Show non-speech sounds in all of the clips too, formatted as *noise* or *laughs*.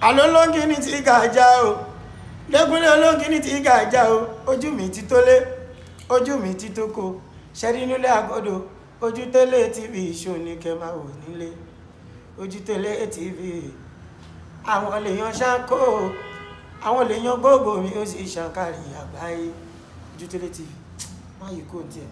àlọ́ lóńgì ní ti gàjà o lẹ́gúnlé olóńgì ní ti gàjà o ojú mi ti tólé ojú mi ti tóko ṣẹ́rí nílé àgọ́dọ̀ ojú télé tv ìṣòní kẹ́ máa wò nílé ojú télé tv àwọn lèèyàn ṣáńkó àwọn lèèyàn gbogbo mi ó sì ṣàǹkàrí àgbáyé ojú télé tv má yìí kò tiẹ̀.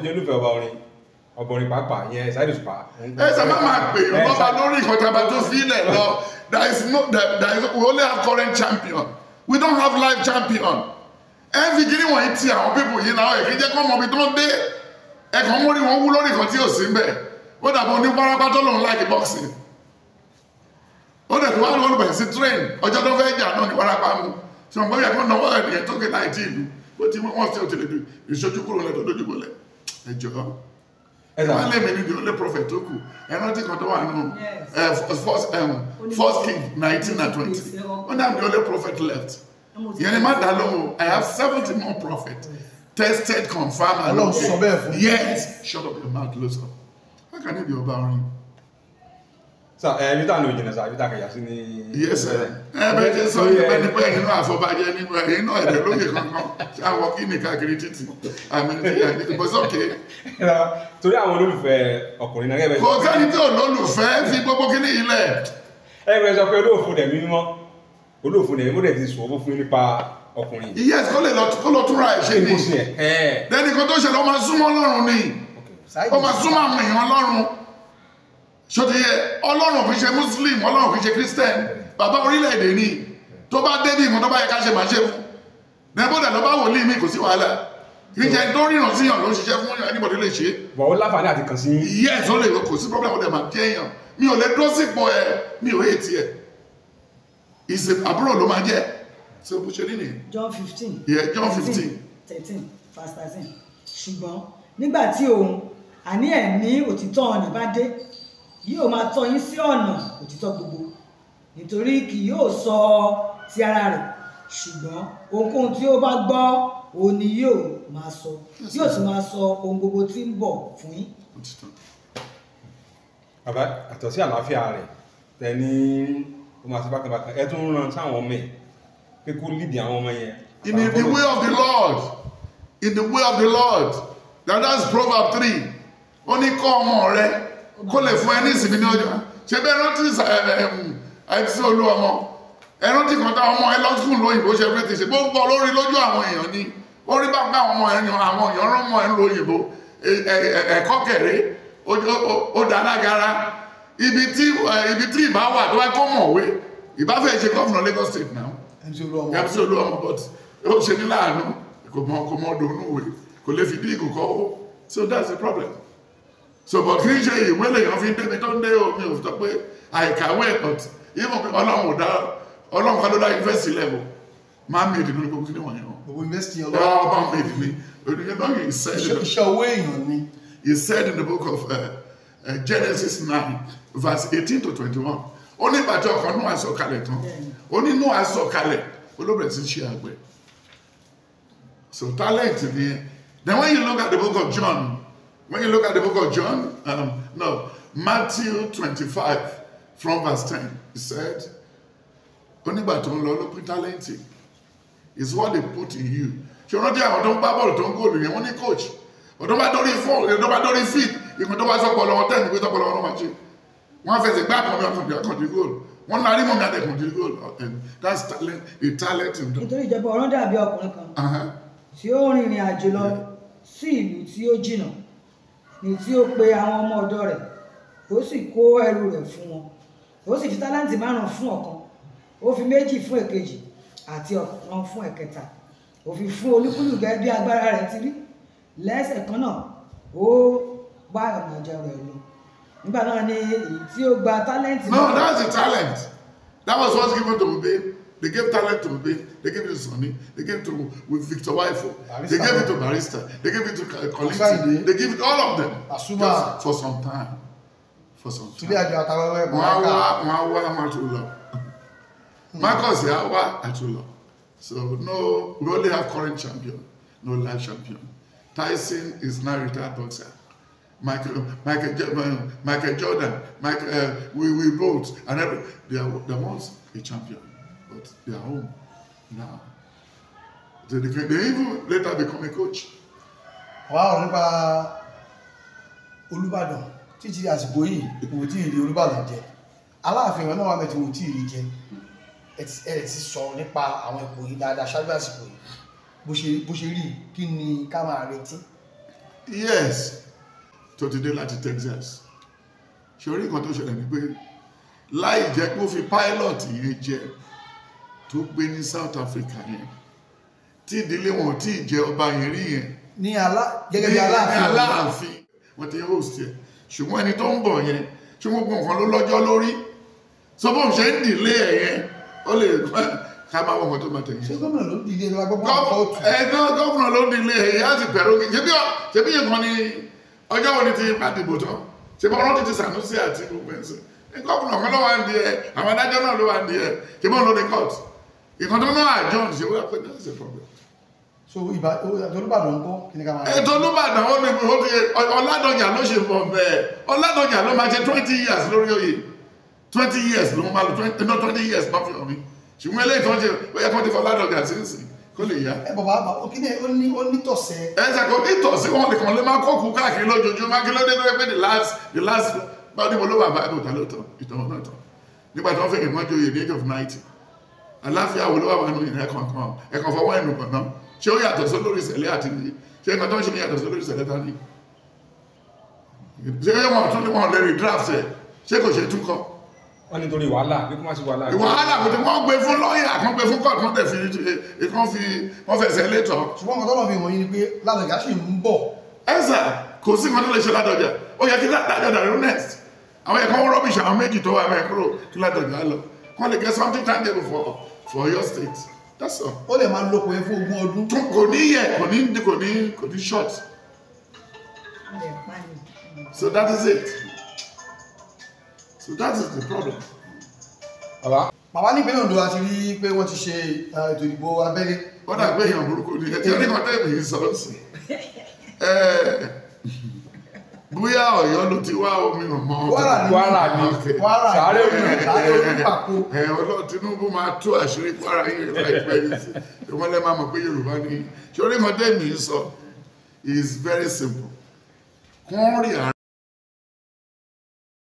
tó jẹ́ olùfẹ́ ọba orin ọba orin pàápàá yẹn Saheed Osupa. ẹ sábà máa pè é lọ́ba lórí nǹkan tí a bá lọ there is no there, is we only have current champion we don't have live champion ẹ fi kiri wọ̀nyí ti àwọn pípò yìí náà èkì jẹ́ kó mọ̀ bí tó ń dé ẹ̀kan mórí wọn wú lórí nǹkan tí ò sí ń bẹ̀ ó dàbọ̀ ní párápá tó lòun láìkí bọ́ọ̀sì ó dẹ̀ tó wá lóun bẹ̀rẹ̀ sí train ọjọ́ tó fẹ́ jà náà ní párápá mu ṣùgbọ́n bóyá kó náwó ẹ̀ nìyẹn tó ké náà ìdí ìlú ó ti wọ́n sí òtìlẹ́dù ìṣojú kúrò lẹ́dọ̀ lójúbọ̀lẹ́ ẹ jọ̀ọ́ ẹ máa lé mi níbi ó lé prophet tó kù ẹ rántí kan tó wà nù eh, first um, king nineteen and twenty eh, oh. ó ní àmì ó lé prophet left yẹn ni má dá lóhùn i have seventy more prophet tested confirmed and okay yes shut up your mouth close up how can you be ọba orin sọ ẹ eh, ibi táwọn òjìnà sọ àbí tàkàyà sí ní. iye sẹ ẹ bẹ jẹ sọ yìí bẹ nípa ẹyin náà àfọbàjẹ nínú ẹyin náà ẹdẹ lóye kankan tí a wọ kíni káàkiri títì àmì ìbọsọkè. *laughs* torí àwọn olólùfẹ́ ọkùnrin náà gẹ́gẹ́ bẹ́ẹ̀. kò sẹ́ni tí olólùfẹ́ fi gbogbo kíní ilẹ̀. ẹ bẹ sọ pé olóòfù dẹ̀ mímọ́ olóòfù dẹ̀ mímọ́ dẹ̀ ti sùn owó fún nípa ọkùnrin. iye kó lè lọ túra ẹ̀ ṣe ni lẹ́nìkan tó ṣẹlẹ̀ ó máa súnmọ́ Ọlọ́run ni ó máa súnmọ́ àwọn èèyàn Ọlọ́run ṣòtìyẹ ọlọ́run fi ṣe muslim ọlọ́run fi ṣe christian bàbá orílẹ̀-èdè ni tó bá débì mọ́ tó bá yẹ ká ṣe máa ṣe fún nẹ́bọ̀dà lọ́ba wòlíì mi kò sí wàhálà ìjẹ tó ríran síyàn ló ń ṣiṣẹ́ fún anybody lè ṣe. bọ̀ ó láǹfààní àti kàn sí. yes ó lè kò sí problem ó dẹ̀ máa jẹ́ èèyàn mi ò lè dúró sípò ẹ mi ò yé tiẹ̀ ìsè àbúrò ló máa jẹ́ ṣé o bó ṣe rí ni. John fifteen. yeah John fifteen. thirteen verse thirteen ṣùgbọ́n nígbà tí òun àní ẹ̀ ní òtítọ́ ọ̀nì bá dé yóò máa tọ́ yín sí ọ̀nà òtítọ́ gbogbo nítorí kì yóò sọ ti ara rẹ̀ ṣùgbọ́n ohunkóhun tí ó bá gbọ́ òun ni yóò máa sọ yóò sì máa sọ ohun gbogbo tí ń bọ̀ fún yín. bàbá àtọ̀ sí àlàáfíà rẹ̀ tẹ̀ ní ó máa ṣe bákanbákan ẹ tún ràn sáwọn ọmọ ẹ̀ pé kó lídìí àwọn ọmọ yẹn. in the way of the lord in the way of the lord That's is three ó ní kọ́ ọmọ rẹ̀ kó fún ẹ ní ìsinmi ní ọjọ́ ṣe bẹ́ẹ̀ rántí àìsí olúwa ọmọ ẹ rántí ọmọ ẹ lọ lóyìnbó ṣe fẹ́ ti ṣe gbogbo olórí lójú àwọn èèyàn ni ó rí bàbá àwọn ọmọ ẹ àwọn èèyàn rán ọmọ ẹ lóyìnbó ẹ̀kọ́ kẹ̀ré ó dálágara ibi tí ìbá wà tó wá kọ́ mọ̀wé ìbá fẹ́ ṣe gómìnà Lagos State náà ẹ̀mísí olúwa ọmọ but ó ṣe ní láàánú kò mọ kò lè fi bí so that's the problem ṣùgbọ́n kì í ṣe ìwé lèèyàn fi ń débi tó ń dé omi ò sọ pé àìkàwé ẹ̀kọ́tì ìmọ̀ pé ọlọ́run ò dá ọlọ́run kan ló dá yunifásitì lẹ́wọ̀ máa ń mèdì lórí gbogbo kí ni wọ̀nyí wọn. òwe mẹ́sìn ọlọ́run. ẹ ọba mèdì ni onígbẹ́dọ́gì ìṣẹ́ iṣẹ́ owó èèyàn ni. He said in the book of uh, uh, Genesis nine verse eighteen to twenty-one ó ní bàtí ọkàn Nóà sọ̀kalẹ̀ tán ó ní Nóà sọ̀kalẹ̀ olóbẹ̀rẹ̀ sí ṣe àgbẹ̀ so talent ni then when you look at the book of John When you look at the book of John, um, no, Matthew 25 from verse 10, he said, Onígbà tó ń lọ ló pín tálẹ́ǹtì. It's what they put in you. You're not there. Don't babble. Don't go. bọ́ọ̀lù only ń góòlù yẹn? Wọ́n ní coach. Ọ̀dọ́ bá dórí fún ọ̀dọ́ you dórí fit. Ìpín tó bá sọ̀pọ̀ lọ́wọ́ tẹ̀ nígbé tọ́pọ̀ lọ́wọ́ náà máa ṣe. Wọ́n back fẹsẹ̀ gbá àkànbí ọkàn bí àkànbí góòlù. Wọ́n larí mọ̀ ní àdẹ̀kùn dí góòlù. That's talent, The talent in them. Nítorí ìjọba ọ̀rọ̀ dàbí ọkùnrin kan uh-huh. tí ó rìnrìn àjò lọ sí ìlú tí ó ní tí ó pe àwọn ọmọ ọ̀dọ̀ rẹ̀ ó sì kó ẹrù rẹ̀ fún wọn ó sì fi tálẹ́ǹtì márùn-ún fún ọ̀kan ó fi méjì fún èkejì àti ọ̀kan fún ẹ̀kẹta ó fi fún olúkúlùkù gẹ́gẹ́ bí agbára rẹ̀ ti rí lẹ́sẹ̀ kan náà ó bá ọ̀nà rẹ̀ lọ nígbà náà ni èyí tí ó gba tálẹ́ǹtì. no that's the talent that was what's given to me babe. They gave talent to Ruben. They gave it to Sonny. They gave it to with Victor Waifo. They gave it to Barista. They gave it to Colletti. They gave it all of them. Asuma. Just for some time. For some time. Sílẹ̀ àjọ àtàwẹ́wẹ́ Mọ̀láka. Wọ́n á wá wọn So no, we only have current champion, no live champion. Tyson is now retired boxer. Michael, Michael, um, Michael Jordan, Michael, uh, we, we both, and every, they are the ones a champion but they are home now. They, became, they even later become a coach. Wow, nípa Olúbàdàn títí àsìkò yìí kò tí ì rí Olúbàdàn jẹ. Aláàfin ìwọ̀n náà wà mẹ́tí kò tí ì rí jẹ. Ẹ ti sọ nípa àwọn ipò yìí dáadáa ṣáájú àsìkò yìí. Bó ṣe rí kí ni ká Yes, tó ti dé Texas. Ṣé orí nǹkan tó ṣẹlẹ̀ ni pé láì jẹ́ pé fi pilot yìí jẹ tó gbé ní South Africa yẹn tí ìdílé wọn tí ì jẹ ọba yẹn rí yẹn. ní alá gẹ́gẹ́ bí aláàfin. ní aláàfin wọ́n ti host yẹn ṣùgbọ́n ẹni tó ń bọ̀ yẹn ṣé gbogbo nǹkan ló lọ́jọ́ lórí sọ bóun ṣe ń dìlé ẹ̀ yẹn ó lè *laughs* ká máa wọ̀n kan tó máa tẹ̀lé. ṣé gómìnà ló dìlé ẹ̀ lọ́gbọ́n kóòtù. ẹ náà gómìnà ló dìlé ẹ̀ yẹn á sì pẹ̀lú kí ṣebí yẹn kan ni ọjọ́ wo ni ti bá tán ṣebí ọlọ́dún ti Sanusi àti gbogbo ẹ̀ sìn gómìnà kan ló wà ń di ẹ àwọn adájọ́ náà ló wà ń di ẹ ṣebí òun ló kóòtù ìkan tó náà àjọ́n ṣe wọ́n pé that's a problem. so ìbá tolúbàdàn ń kọ́ kí ni ká máa. ètò olúbàdàn ó ní ọ̀làdọ̀jà ló ṣe mọ̀ bẹ́ẹ̀ ọ̀làdọ̀jà ló máa ṣe twenty years lórí oyè twenty years ló máa lò twenty no twenty years má fi hàn mí ṣùgbọ́n eléyìí tó ń ṣe ó yẹ kó ti fọ ọ̀làdọ̀jà sí ìsìn kó lè yá. ẹ bàbá bàbá kí ni ó ní ó ní tọ̀sẹ̀. ẹ ṣe kò ní tọ̀sẹ̀ wọn lè kàn lè máa kókù káàkiri lójoojúmọ́ kí ló dé lórí pé the last the last báwo ni mo ló wà báyìí mo ta ló tán ìtàn náà tán nígbà tí wọ́n fẹ̀yìn mọ́jú oyè ní age of ninety àláfíà wo ló wà wà nínú ìrìn ẹ̀kan kan ẹ̀kan fọwọ́ ẹ̀nù kan náà ṣé ó yàtọ̀ sí lórí ìṣẹ̀lẹ̀ àti ṣé nǹkan tó ń ṣe ní yàtọ̀ sí lórí ìṣẹ̀lẹ̀ tání ṣé wọn tún ní wọn lè rí draft ẹ̀ ṣé kò ṣe tún kọ́ wọ́n ní torí wàhálà bí kò má sí wàhálà wàhálà kò tí wọ́n gbé fún lọ́ọ̀yà kan gbé fún kọ́ọ̀tún tẹ̀ fi ikán eh, eh, fi wọ́n fẹsẹ̀ létọ̀ ṣùgbọ́n ọ̀tọ́ lọ́ọ̀ fi wọ̀nyí ni pé ládọ̀jà sì ń bọ̀ ẹ̀sà kò sí nǹkan tó lè ṣe ládọ̀jà ó yẹ kí ládọ̀jà rú next àwọn ẹ̀kọ́ rọ́bìṣì àwọn méjì tó wà kọ́ lè get something tangible for, for your state. That's all. Ó lè máa lóko yẹn fún ogún ọdún. Tó kò ní yẹ, kò ní kò ní kò ní short. So that is it. So that is the problem. Bàbá. Bàbá ní ìpínlẹ̀ Ondo àti rí pé wọ́n ti ṣe ètò ìdìbò abẹ́lé. Wọ́n dà pé èèyàn burúkú ni ẹ̀tí oníkan tẹ́lẹ̀ yìí sọ̀rọ̀ sí. *laughs* bóyá Ọ̀yọ́ ló ti wá omi ọmọ Kwara ni Kwara sáré omi pàkó. ọlọ́run Tinubu máa tú àṣírí Kwara yìí láìpẹ́ yìí wọ́n lẹ́ máa mọ̀ pé Yorùbá ni sórí mọ́tẹ́mì sọ is very simple kún rí àárín.